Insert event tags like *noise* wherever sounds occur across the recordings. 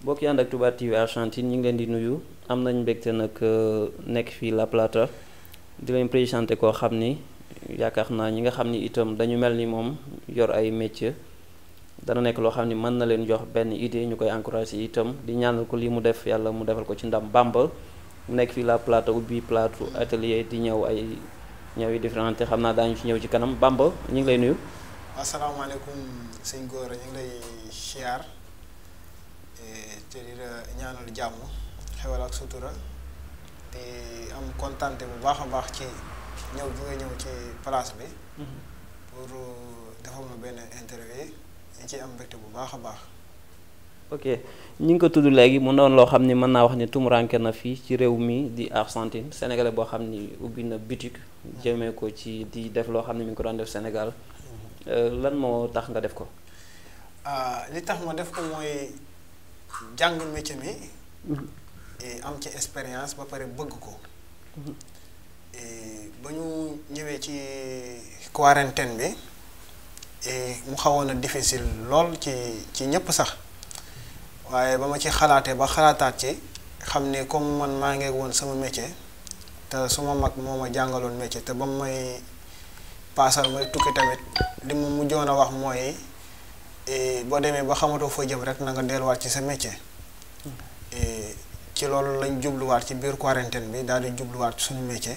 mbokk yi ànd ak Touba TV Argentine ñu ngi leen di nuyu am nañ mbégte nag euh, nekk fii La Plata di leen présenté koo xam ni yaakaar naa ñi nga xam ni itam dañu mel ni moom yor ay métier dana nekk loo xam ni mën na leen jox benn idée ñu koy encouragé itam di ñaanal ko lii mu def yàlla mu defal ko ci ndam Bàmba mu nekk fii La Plata ubbi plateau atelier di ñëw ay ñëw yi différente xam naa daañu ci ñëw ci kanam Bàmba ñu ngi lay nuyu. asalaamaaleykum sëñ Gora ñu te di la ñaanal jàmm xewal ak sutura te am kontante bu baax a baax ci ñëw bi nga ñëw ci place bi mm-hmm. pour euh, defal ma benn interview ñu ci am mbégte bu baax a baax ok ñi ngi ko tudd léegi mu doon loo xam ni mën naa wax ni tumuranke na fii ci réew mi di Argentine sénégalais boo xam ni ubbi na bitik jëmee ko ci di def loo xam ne mi ngi ko daan def Sénégal mm-hmm. euh, lan moo tax nga def ko ah, li tax ma def ko mooy jàng métier mi am ci expérience ba pare bëgg ko ba ñu ñëwee ci quarantaine bi mu xawoon a difficile lool ci ci ñépp sax waaye ba ma ci xalaatee ba xalaataat ci xam ne comme man maa ngi woon sama métier te suma mag moo ma jàngaloon métier te ba may paasal may tukki tamit li mu mujjoon a wax mooy Eh, boo demee ba xamatoo foo jëm rek na delluwaat ci sa métier mm. eh, ci loolu lañ jubluwaat ci biir quarantaine bi daal di jubluwaat suñu métier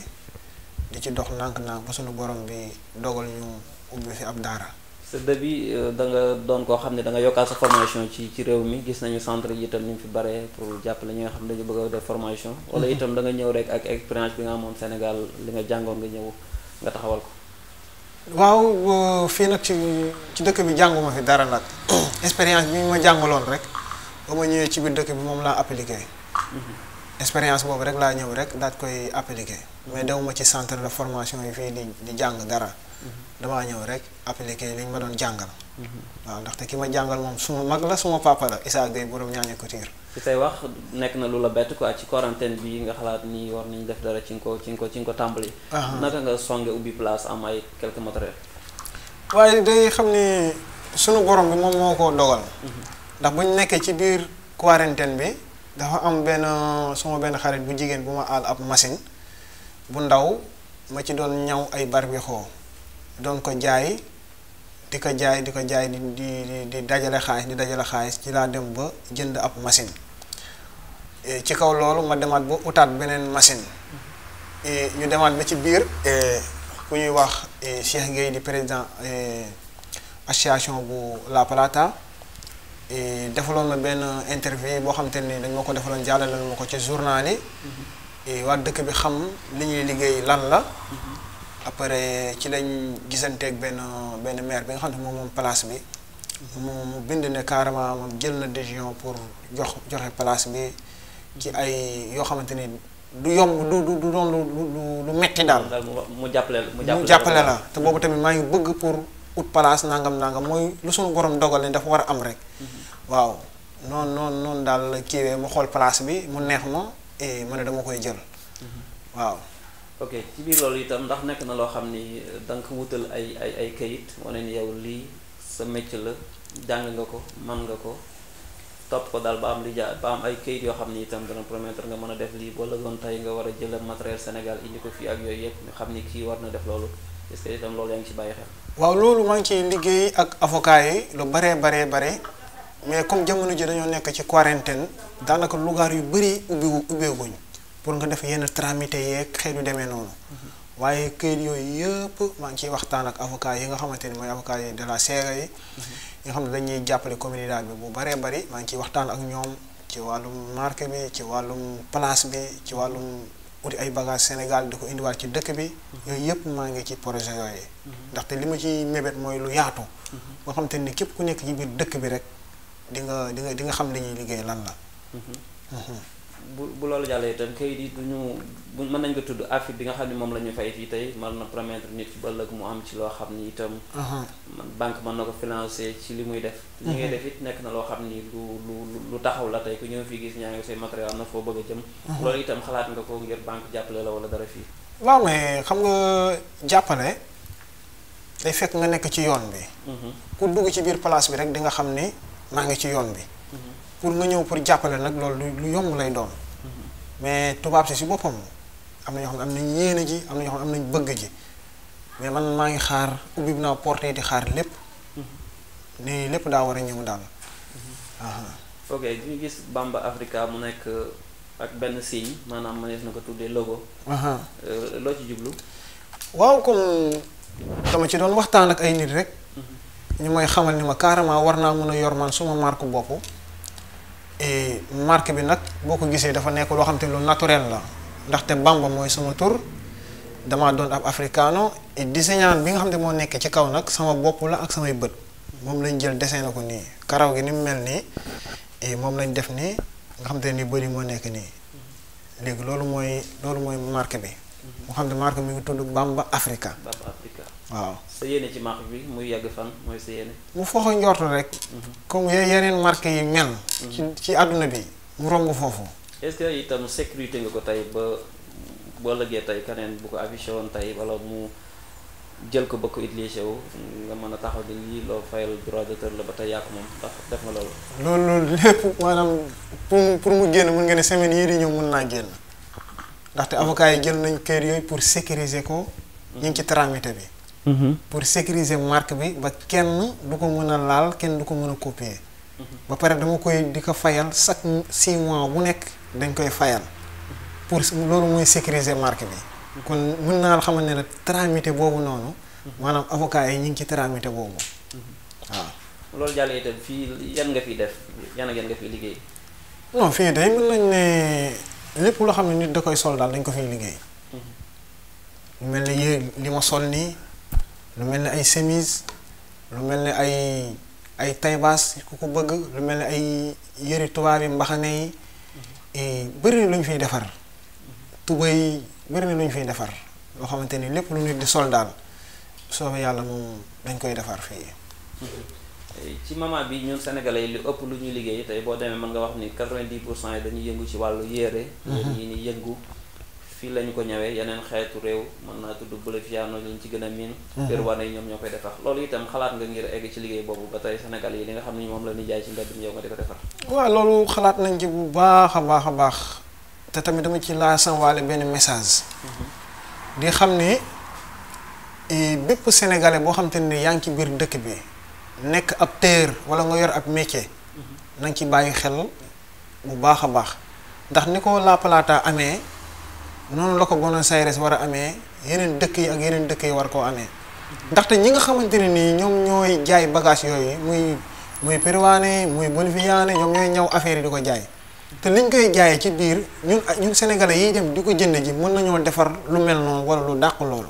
di ci dox nànk-nànk ba suñu borom bi dogal ñu ubbi fi ab daara. sa début euh, da nga doon koo xam ne da nga yokkaat sa formation ci ci réew mi gis nañu centre yi itam ñu fi bare pour jàppale ñi nga xam ne dañu bëgg a def formation. Mm-hmm. wala itam danga nga ñëw rek ak expérience bi nga amoon Sénégal li nga jàngoon nga ñëw nga taxawal ko. waaw fii nag ci ci dëkk bi jànguma fi dara nag *coughs* expérience bi ñu ma jàngaloon rek ba ma ñëwee ci biir dëkk bi moom laa appliqué. Mm-hmm. expérience boobu rek laa ñëw rek daat koy appliquer mais dewuma ci centre de formation yi fii di di jàng dara mhm. damaa ñëw rek appliquer li ñu ma doon jàngal mhm. waaw ndaxte ki ma jàngal moom suma mag la suma papa la Issa Gueye borom ko couture ci say wax nekk na lu la bett quoi ci quarantaine bi nga xalaat ni war nañu def dara ci nga ko ci nga ko ci nga ko tàmbali naka nga songe ubbi place am ay quelques matériels waaye day xam ni sunu borom bi moom moo ko dogal mhm. ndax bu ñu nekkee ci biir quarantaine bi dafa am benn suma benn xarit bu jigéen bu ma aal ab machine bu ndaw ma ci doon ñaw ay barbixoo doon ko jaay di ko jaay di ko jaay di di di dajale xaalis di dajale xaalis ci laa dem ba jënd ab machine e, ci kaw loolu ma demaat ba utaat beneen machine e, ñu demaat ba ci biir e, ku ñuy wax Cheikh Gueye di président association bu La Plata defaloon na benn interview boo xam te ni dañ ma ko defaloon jàllale ma ko ci journal yi. Mhm. waa dëkk bi xam li ñuy liggéey lan la. Mhm. après ci lañ gisanteek benn benn maire bi nga xam ne moom moom place bi. mu mhm. mu bind ne carrément moom jël na décision pour jox joxe place bi ci ay yoo xamante ni du yomb du du doon lu lu lu metti daal. mu jàppale la mu jàppale la te boobu tamit maa ngi bëgg pour. ut place nangam nangam mooy lu suñu borom dogal ne dafa war a am rek waaw noon noon noon daal kiiwee mu xool place bi mu neex ma et eh, ma ne dama koy jël waaw. ok ci biir loolu itam ndax nekk na loo xam ni eh, da ko wutal ay ay ay kayit wane ni yow lii sa métier la jàng nga ko man nga ko topp ko daal ba am li ja ba am ay kayit yoo xam ni itam dana promettre nga mën a def lii ba la doon tey nga war a jël matériel Sénégal indi ko fii ak yooyu yëpp ñu xam ni kii war na def loolu. est loolu yaa ci bàyyi xel. waaw loolu maa ngi ciy liggéey ak avocat yi lu baree baree bare mais comme jamono ji dañoo nekk ci quarantaine daanaka lugaar yu bëri ubbi ubbeeguñ pour nga def yenn tramité yeeg xeet yu demee noonu mhm. waaye këyit yooyu yëpp maa ngi ciy waxtaan ak avocat yi nga xamante ni mooy avocat yi de la CREI yi mhm. nga xam ne dañuy jàppale communauté bi bu baree bari maa ngi ciy waxtaan ak ñoom ci wàllum marque bi ci wàllum place bi ci wàllum. uti ay bagages Sénégal di ko indiwaat ci dëkk bi yooyu yëpp maa ngi ci projet yooyu mhm. ndaxte li ma ci mébét mooy lu yaatu nga mhm. xam te ni képp ku nekk ci dëkk bi rek di nga di nga di nga xam li ñuy liggéey lan la mhm. bu loolu jàllee itam kayit yi duñu bu mën nañ ko tudd affaire bi nga xam ne moom la ñu fay fii tey man na promettre nit ki ba ëllëg mu am ci loo xam ni itam. banque mën na ko financer ci li muy def. li ngay def it nekk na loo xam ni lu lu lu taxaw la tey ku ñëw fi gis ñaa ngi say matériel am na foo bëgg a jëm. loolu itam xalaat nga ko ngir banque jàppale la wala dara fii. waaw mais xam jàppale day fekk nga nekk ci yoon bi. Mhm. ku dugg ci biir place bi rek di nga xam ni maa ngi ci yoon bi. Mhm. pour nga ñëw pour jàppale nag loolu lu yomb lay doon. Mhm. mais tubaab si si boppam. am na ñoo xam ne am nañ yéene ji am na ñoo xam ne am nañ bëgg ji mais man maa ngi xaar ubbi naa porté di xaar lépp mm-hmm. ni lépp daa war a ñëw daal. Mm-hmm. ok gis Bamba Africa mu nekk uh, benn signe maanaam ma def ko tuddee logo. Uh, loo ci jublu. waaw comme dama ci doon waxtaan ak ay nit rek. Mm-hmm. ñu may xamal ni ma carrément war naa mën a yor man suma marque bopp. et bi nag boo ko gisee dafa nekk loo xam te lu naturel la. ndaxte Bamba mooy sama tur damaa doon ab africano et designant bi nga xam ne moo nekkee ci kaw nag sama bopp la ak samay bët moom lañ jël dessin na ko nii karaw gi ni mu mel nii et moom lañ def nii nga xam te ni bëri moo nekk nii léegi loolu mooy loolu mooy marque bi. mu xam ne marque mi ngi tudd Bamba Africa. Bamba waaw. sa yéene bi muy yàgg fan mooy sa yéene. mu foog a rek. Mhm. comme yeneen marque yi mel. Mhm. ci ci àdduna bi mu romb foofu. est-ce que itam sécurité nga ko tey ba boo lëggee tey keneen bu ko affiché woon tey wala mu jël ko ba ko utilisé wu nga mën a taxaw di lii loo fayal droit d'auteur la ba tey yàq moom ndax def nga loolu. loolu loolu lépp maanaam pour mu pour mu génn mën nga ne semaine yii di ñëw mën naa génn ndaxte avocat yi jël nañ kër yooyu pour sécuriser ko. ñu ngi ci tramité bi. Mhm. pour sécuriser marque bi ba kenn du ko mën a laal kenn du ko mën a copier. Mhm. ba pare dama koy di ko fayal chaque six mois bu nekk. dañ koy fayal pour loolu mooy sécuriser marque bi. kon mën naa la xamal ne la tramité boobu noonu. maanaam avocat yi ñu ngi ci tramité boobu waaw. loolu jàll itam fii yan nga fi def yan ak yan nga fi liggéey. non fii day mën nañ ne lépp loo xam ne nit da koy sol daal dañ ko fiy liggéey. lu mel ne yéen li ma sol nii lu mel ne ay chemise lu mel ne ay ay taybaas ku ko bëgg lu mel ne ay yëri tubaab yi mbaxane yi. Eh, bëri na lu fiy defar tubay bëri na lu ñu fiy defar loo xamante ni lépp lu nit di sol daal soobee yàlla moom dañ koy defar fii. Eh, ci moment bi ñun sénégalais yi lu ëpp lu ñuy liggéey tey boo demee mën nga wax ni quatre-vingt-dix pour cent yi dañuy yëngu ci wàllu yére. Mhm. ñi ni yëngu. fii lañu ko ñëwee yeneen xeetu réew mën naa tudd bële piano lañ ci gën a miin kër wane yi koy defar loolu itam xalaat la ñuy jaay ci mbedd mi yow nga nañ ci bu baax a baax a baax te tamit dama ci laa sanwaale benn message di xam ne bépp sénégalais boo xam te ne yaa ngi ci biir dëkk bi nekk ab téer wala nga yor ak métier na ci bàyyi xel bu baax a baax ndax ni ko La Plata amee noonu la ko Buenos Aires war a amee yeneen dëkk yi ak yeneen dëkk yi war koo amee ndaxte ñi nga xamante ne nii ñoom ñooy jaay bagage yooyu muy muy péruwaane muy boliviaane ñoom ñooy affaire yi di ko jaay te liñ koy jaayee ci biir ñun ñun sénégalais yiy dem di ko jënd ji mën nañoo defar lu mel wala lu dàq loolu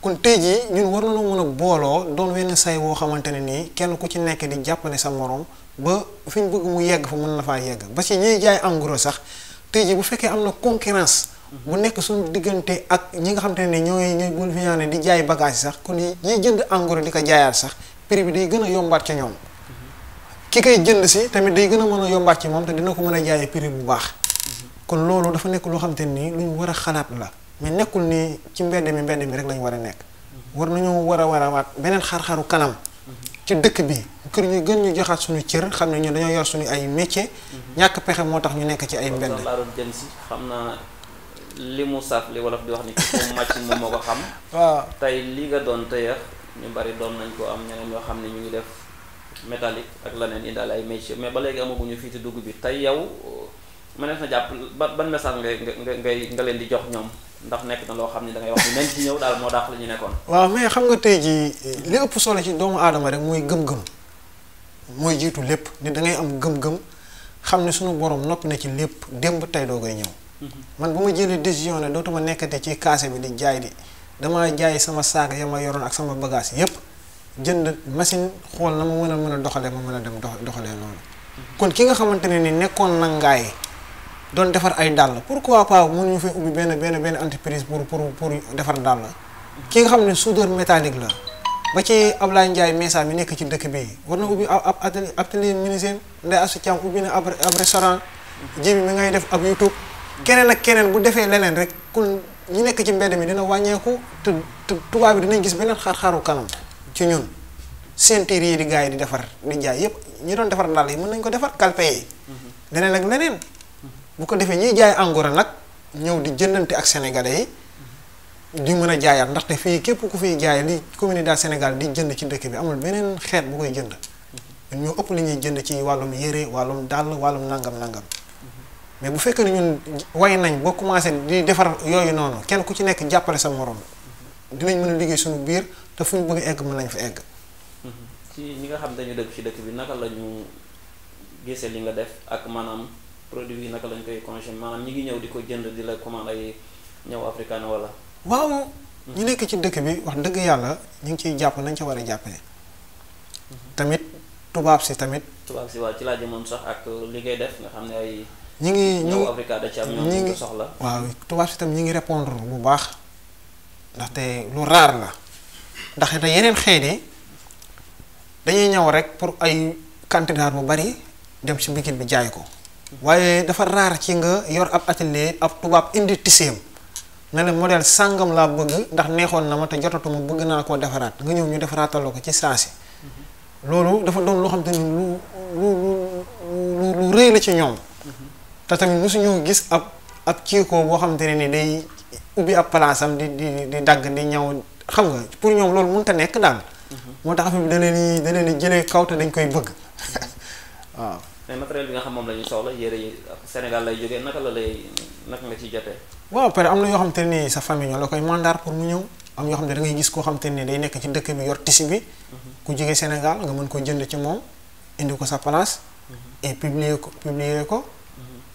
kon tey jii ñun war nañoo mën booloo doon wenn say woo xamante ne nii kenn ku ci nekk di jàppale sa morom ba fi ñu bëgg mu yegg fa mën na faa yegg ba ci ñiy jaay engros sax tey bu fekkee am na concurrence bu nekk suñu diggante ak ñi nga xam te ne ñoo ñooy buñ fi ñaanee di jaay bagage sax kon ñiy jënd engrais di ko jaayaat sax prix bi day gën a yombaat ca ñoom ki koy jënd si tamit day gën a mën a yombaat ci moom te dina ko mën a jaayee prix bu baax kon loolu dafa nekk loo xam te nii lu ñu war a xalaat la mais nekkul ni ci mbedd mi mbedd mi rek lañu war a nekk war nañoo war a war a waat beneen xar-xaru kanam ci dëkk bi kër ñu gën ñu joxaat suñu cër xam ne ñu dañoo yor suñu ay métier ñàkk pexe moo tax ñu nekk ci ay mbedd xam naa li mu saf li wolof di wax ni ko màcc moom moo ko xam *laughs* waaw tey li nga doon tëyeex ñu bari doon nañ koo am ñeneen yoo xam ne ñu ngi def métallique ak leneen indaale ay métier mais ba léegi amaguñu fii ci dugg bi tey yow mënees na jàpp ba ban message ngay nga nga leen di jox ñoom ndax nekk na loo xam ne dangay wax ni nañ ci ñëw daal moo daax la ñu nekkoon waaw mais xam nga tey ji li ëpp solo ci doomu aadama rek mooy gëm-gëm mooy jiitu lépp ni dangay am gëm-gëm xam ne suñu borom noppi na ci lépp démb tey doo koy ñëw man bu ma jëlee décision ne dootuma nekkate ci kaase bi di jaay di damaa jaay sama saak ya ma yoroon ak sama bagage yépp jënd machine xool na ma mën a mën a doxalee ma mën a dem doxalee noonu. kon ki nga xamante ne ni nekkoon na ngaay doon defar ay dàll pourquoi pas mu fee ubbi benn benn benn entreprise pour pour pour defar dàll. ki nga xam ne soudeur métallique la ba ci Ablaye njaay Mesa mi nekk ci dëkk bi war na ubbi ab atelier atelier menuisier Ndeye Assou Thiam ubbi na ab restaurant. ji bi mi ngay def ab YouTube. keneen ak keneen bu defee leneen rek ku ñi nekk ci mbenn mi dina wàññeeku te te tubaab bi dinañ gis beneen xar-xaru kanam ci ñun ceinture yi di gars yi di defar di jaay yëpp ñi doon defar ndàll yi mën nañ ko defar calpe yi mm-hmm. leneen ak leneen bu ko defee ñiy jaay angora nag ñëw di jëndante ak sénégalais mm-hmm. di mën a jaayaat ndaxte fii képp ku fiy jaay li communauté senegal di jënd ci dëkk bi amul beneen xeet bu koy jënd mm-hmm. ñoo ëpp li ñuy jënd ci wàllum yére wàllum dàll wàllum nangam nangam mais bu fekkee ne ñun way nañ ba commencé di defar yooyu noonu kenn ku ci nekk jàppale sa moroom dinañ mën a liggéey suñu biir te fu ñu bëgg egg mën nañ fa egg. ci ñi nga xam dañu dëkk ci dëkk bi naka la ñu gisee li nga def ak maanaam produit yi naka lañ koy consommer ñi ngi ñëw di ko jënd di la commande ay ñëw africain wala. waaw hmm. ñu nekk ci dëkk bi wax dëgg yàlla ñu ngi ciy jàpp nañ ca war a jàppale. Hmm. tamit tubaab si tamit. tubaab si waaw ci laa jëmoon sax ak li ngay def nga xam ne ay. ñi ngi ñi ñi ngi soxla waaw tubaab si tam ñi ngi répondre bu baax ndaxte lu raar la ndax da yeneen xeet de dañuy ñaw rek pour ay candidat bu bari dem si bikit bi jaay ko waaye dafa raar ci nga yor ab atelier ab tubaab indi tiseem ne la modèle sàngam laa bëgg ndax neexoon na ma te jotatuma bëgg naa koo defaraat nga ñëw ñu defaraataloo ko ci saasi mhm. loolu dafa doon loo xam te ni lu lu lu lu rëy la ci ñoom te tamit mosuñu gis ab ab kiikoo boo xamante ne nii day ubbi ab place am di di di dagg di ñaw xam nga pour ñoom loolu mënut a nekk daal. Mhm. moo tax affaire bi da leen di da dañ koy bëgg mhm. *laughs* waaw. mais matériel bi nga xam moom la ñuy soxla yére yi Sénégal lay jógee naka la lay naka nga ciy jotee. waaw pare am na yoo xam te ni sa famille ñoo la koy mandaar pour mu ñëw am yoo xam ne da ngay gis koo xam te ni day nekk ci dëkk bi yor tisi bi. Mhm. ku jógee Sénégal nga mën ko jënd ci moom indi ko sa place. et publier ko publier ko.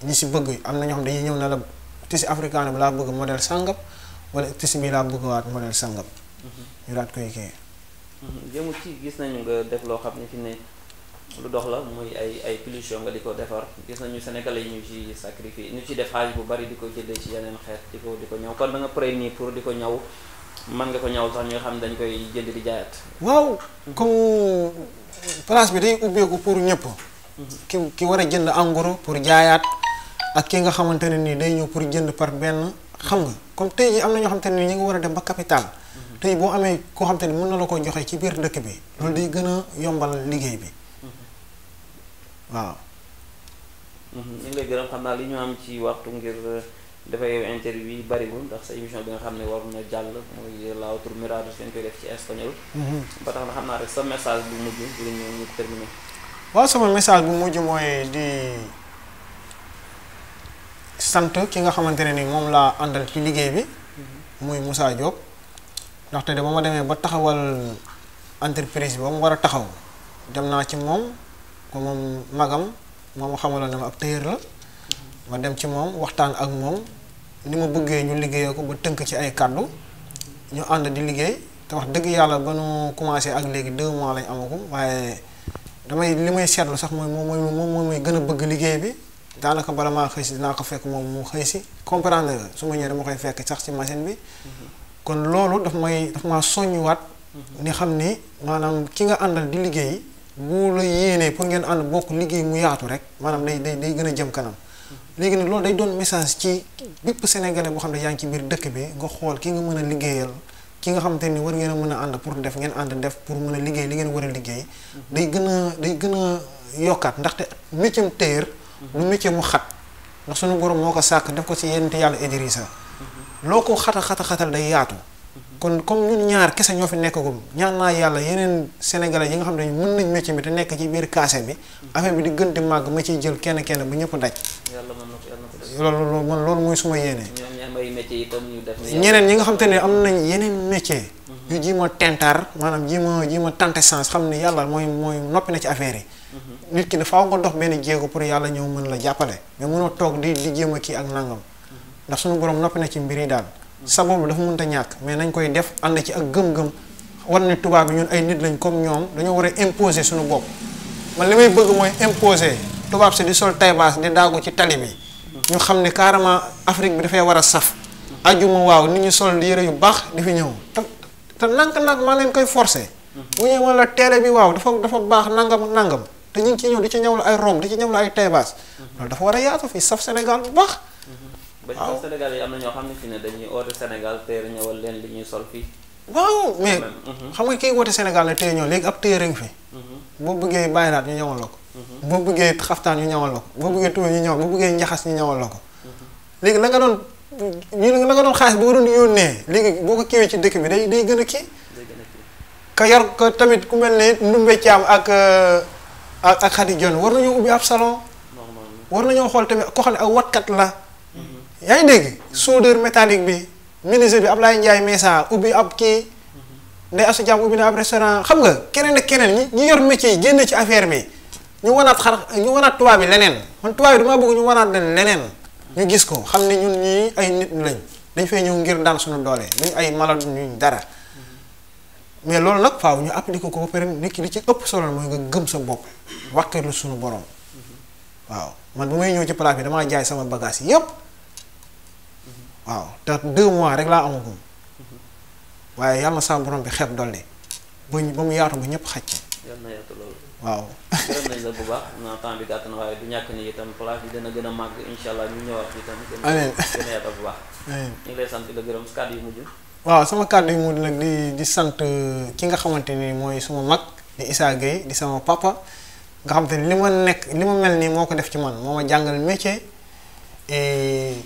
ñi si bëgg am na ñoo xam la tissu africain bi laa bëgg modèle sangam wala tissu bi laa bëgg waat modèle sangam. Mhm. ñu mhm. def loo xam ne fi lu dox la muy ay ay pollution nga di ko defar gis nañu sénégalais yi ñu ci sacrifié ñu ci def bu bari di ko jëlee ci yeneen xeet di ko di ko ñaw kon da pour di ko ñaw mën nga ko ñaw sax ñi nga xam ne dañ koy jënd di jaayaat. waaw mhm. comme place bi day ubbeeku pour ñëpp. ki ki war a jënd en pour jaayaat. ak ki nga xamante ne nii day ñëw pour jënd par benn xam nga comme tey jii am na ñoo xamante ne nii ñu ngi war a dem ba capital mhm. tey boo amee koo xamante ni mun na la ko joxee ci biir dëkk bi loolu day gën a yombal liggéey bi mhm. waaw. Mhm. ñu ngi lay xam naa li ñu am ci waxtu ngir euh, dafay interview yi bariwul ndax sa émission bi nga xam ne war na jàll muy la autre mirage seen koy def xam naa sa message bi ñu terminé. waaw sama message bu mujj mooy di. sant ki nga xamante ne ni moom laa àndal ci liggéey bi muy Moussa Diop ndaxte de ba ma demee ba taxawal entreprise bi ba mu war a taxaw dem naa ci moom ko moom magam moom xamaloon ne ma ab tailleur la ma dem ci moom waxtaan ak moom ni ma bëggee ñu liggéeyee ko ba tënk ci ay kàddu ñu ànd di liggéey te wax dëgg yàlla ba nu commencé ak léegi deux mois lañ amagum waaye damay li may seetlu sax mooy moom mooy moom mooy gën a bëgg liggéey bi daanaka bala maa xëy si dinaa ko fekk moom mu xëy si comprendre nga su ma ñëwee dama koy fekk sax ci machine bi. kon loolu daf may daf maa soññiwaat. ni xam ni maanaam ki nga àndal di liggéey bu la yéenee pour ngeen ànd bokk liggéey mu yaatu rek maanaam day day day gën a jëm kanam. léegi nag loolu day doon message ci bépp sénégalais boo xam ne yaa ngi ci biir dëkk bi nga xool ki nga mën a liggéeyal. ki nga te ni war ngeen a mën a ànd pour def ngeen ànd def pour mën a liggéey li ngeen war a liggéey. Mhm. day gën a day gën a yokkaat ndaxte métier téer lu métier mu xat ndax suñu borom moo ko sàkk def ko si ci te yàlla Idrissa loo ko xata xata xatal day yaatu kon comme ñun ñaar kese ñoo fi nekkagul ñaan naa yàlla yeneen sénégalais yi nga xam ne mën nañ métier bi te nekk ci biir kaase bi affaire bi di gën di màgg ma ci jël kenn kenn ba ñëpp daj loolu man loolu mooy suma yéene ñeneen ñi nga xam te ne am nañ yeneen métier yu ji ma tentaar maanaam ji ma ji ma tante sens xam ne yàlla mooy mooy noppi na ci affaire yi nit ki dafaaw nga dox benn jéego pour yàlla ñëw mën la jàppale mais mënoo toog di di jéem kii ak nangam ndax suñu boroom noppi na ci mbir yi daal bi dafa mënta ñàkk mais nañ koy def ànd ci ak gëm-gëm war tubaab bi ñun ay nit lañ comme ñoom dañoo war a imposer suñu bopp man li may bëgg mooy imposer tubaab si di sol taybaas di daagu ci tali bi ñu xam ne carrément Afrique bi dafay war a saf ajuma waaw nit ñu sol yére yu baax di fi ñëw te te nank-nank maa leen koy forcer bu ñëwee la teere bi waaw dafa dafa baax nangam nangam te ñu ci ñaw la ay rom di ci ñaw la ay teebaas loolu dafa war a fii saf ba ci Sénégal yi na ñoo xam ne fi ne dañuy oote Sénégal leen li ñuy sol fii waaw mais mhm. xam nga kii woote Sénégal la téye ñëw léegi ab téere ngi fi mhm. boo bëggee bàyyi naat ñu ñëwal la ko mhm. boo bëggee xaftaan ñu ñëwal la ko boo bëggee tuba ñu ñëwal boo bëggee njaxas ñu ñëwal la ko léegi la nga doon ñu la nga doon xaalis boo doon yónnee léegi boo ko kiiwee ci dëkk bi day day gën a kii ka yar ka tamit ku mel ne Ndumbe Thiam ak euh, ak ak jon Dione war nañoo ubbi ab salon. war nañoo xool tamit ko xam ne ak watkat la. yaa ngi dégg soudeur métallique bi ministre bi Ablaye Ndiaye Messa ubbi ab kii. Ndeye Assou Diam ubbi na ab restaurant xam nga keneen ak keneen ñi ñi yor métier yi génn ci affaire bi ñu wanaat xar ñu wanaat tubaab bi leneen man tubaab bi damaa bëgg ñu wanaat leen leneen. ñu gis ko xam ne ñun ñii ay nit lañ dañ fee ñëw ngir daan suñu doole dañ ay malade ñuñ dara. mais loolu nag faaw ñu appliqué ko ba pare nekk li ci ëpp solo mooy nga gëm sa bopp wàkkeerlu suñu borom waaw man bu may ñëw ci place bi damaa jaay sama bagage yépp waaw te deux mois rek laa amagum waaye yàlla na saa borom bi xet dolli ba ba mu yaatu ba ñëpp xaj ci na yaatu waaw bu baax na temps bi na du ñàkk ni itam place bi dina gën a màgg incha allah ñu ñëwaat itam a yaatal bu baax ñu waaw sama kàddu yi mu nag di di sant euh, ki nga xamante ni mooy suma mag di Issa Gueye di sama papa nga xamante ni li ma nekk li ma mel nii moo ko def ci man moom ma jàngal métier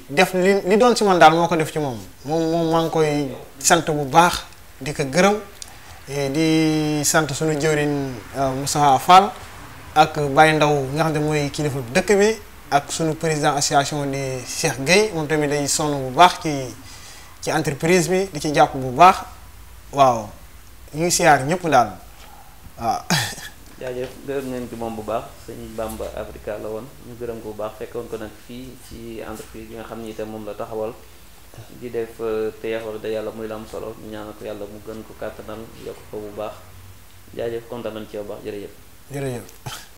def li li doon si man daal moo ko def ci moom moom moom maa ngi koy sant bu baax di ko gërëm di sant suñu jëwriñ euh, Moussa Fall ak Baye Ndaw nga xam ne mooy kilifa dëkk bi ak suñu président association di Cheikh Gueye moom tamit day sonn bu baax ci ci entreprise bi di ci jàpp bu baax waaw ñu ngi siyaar ñëpp daal waaw. *laughs* jaajëf gërëm nañ ci moom bu baax sëñ Bamba Africa la woon ñu gërëm ko bu baax fekkoon ko nag fii ci entreprise bi nga xam ni te moom la taxawal. di def euh, te yaxoor da yàlla muy la am solo ñaan ñaanal yàlla mu gën ko kàttanal yokk ko bu baax jaajëf kontaan nañ ci yow baax jërëjëf. jërëjëf.